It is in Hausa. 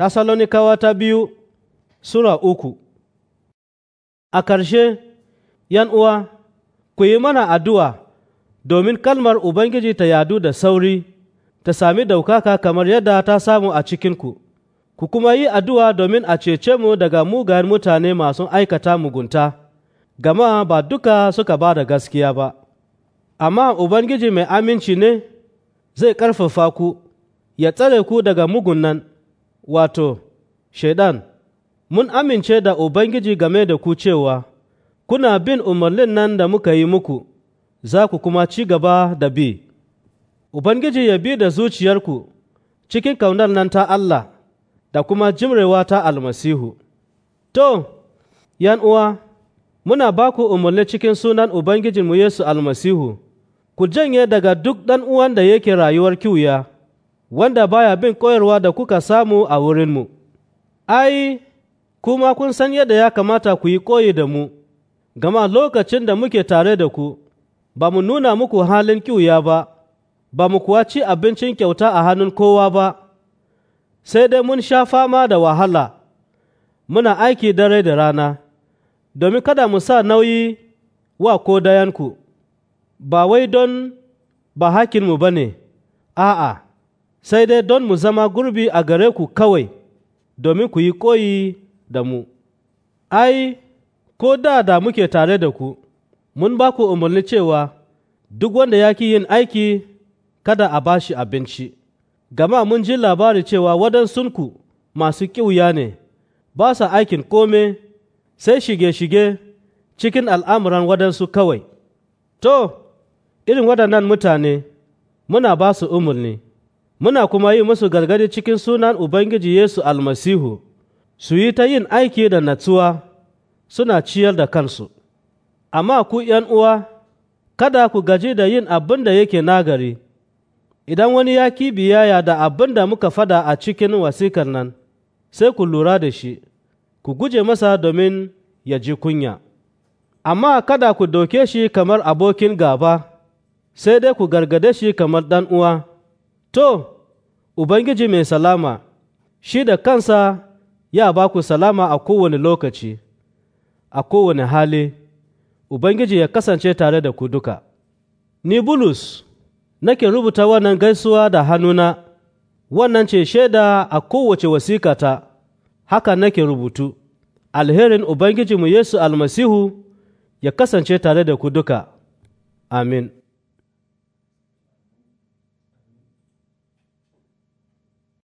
Tasalonikawa ta biyu Sura uku A ƙarshe, uwa, ku yi mana addu'a domin kalmar Ubangiji ta yadu da sauri, ta sami daukaka kamar yadda ta samu a cikinku, ku kuma yi addu'a domin a cece mu daga mugayen mutane masu aikata mugunta, gama ba duka suka ba da gaskiya ba. Amma Ubangiji mai aminci ne zai ƙarfafa ku, ya tsare ku daga mugun nan. wato, Shaiɗan, mun amince da Ubangiji game da ku cewa, kuna bin umarnin nan da muka yi muku, za ku kuma ci gaba da bi. Ubangiji ya bi da zuciyarku cikin kaunar nan ta Allah da kuma jimrewa ta almasihu. To, yan uwa, muna ba ku umarni cikin sunan Ubangijinmu Yesu almasihu, ku janye daga duk ɗan uwan da yake rayuwar kiwuya. wanda baya bin koyarwa da kuka samu a wurinmu, ai, kuma kun san yadda ya kamata ku yi koyi da mu, gama lokacin da muke tare da ku, ba mu nuna muku halin kyuya ba, ba mu kuwa ci abincin kyauta a hannun kowa ba, sai dai mun sha fama da wahala, muna aiki dare da rana, domin kada mu sa nauyi wa ko dayanku, ba wai don ba hakinmu ba ne, a'a. sai dai don mu zama gurbi a gare ku kawai domin ku yi koyi da mu. Ai, ko da da muke tare da ku, mun ba ku umarni cewa duk wanda ya ki yin aiki kada a ba shi abinci, gama mun ji labari cewa waɗansunku masu ƙiwuya ne, ba sa aikin kome sai shige-shige cikin al'amuran wadansu kawai. To, irin waɗannan mutane muna ba su umarni. muna kuma yi musu gargadi cikin sunan Ubangiji Yesu almasihu, su yi ta yin aiki da natsuwa suna ciyar da kansu, amma ku yan uwa, kada ku gaji da yin abin da yake nagari, idan wani ya kibiyaya da abin da muka fada a cikin wasikar nan, sai ku lura da shi, ku guje masa domin ya ji kunya. Amma kada ku doke shi kamar abokin gaba, sai dai ku gargade shi kamar ɗan uwa. To, Ubangiji mai salama, shi da kansa ya ba ku salama a kowane lokaci, a kowane hali, Ubangiji ya kasance tare da ku duka. Ni Bulus, nake rubuta wannan gaisuwa da hannuna, wannan ce shaida a kowace wasikata, haka nake rubutu. Alherin mu Yesu almasihu ya kasance tare da ku duka. Amin.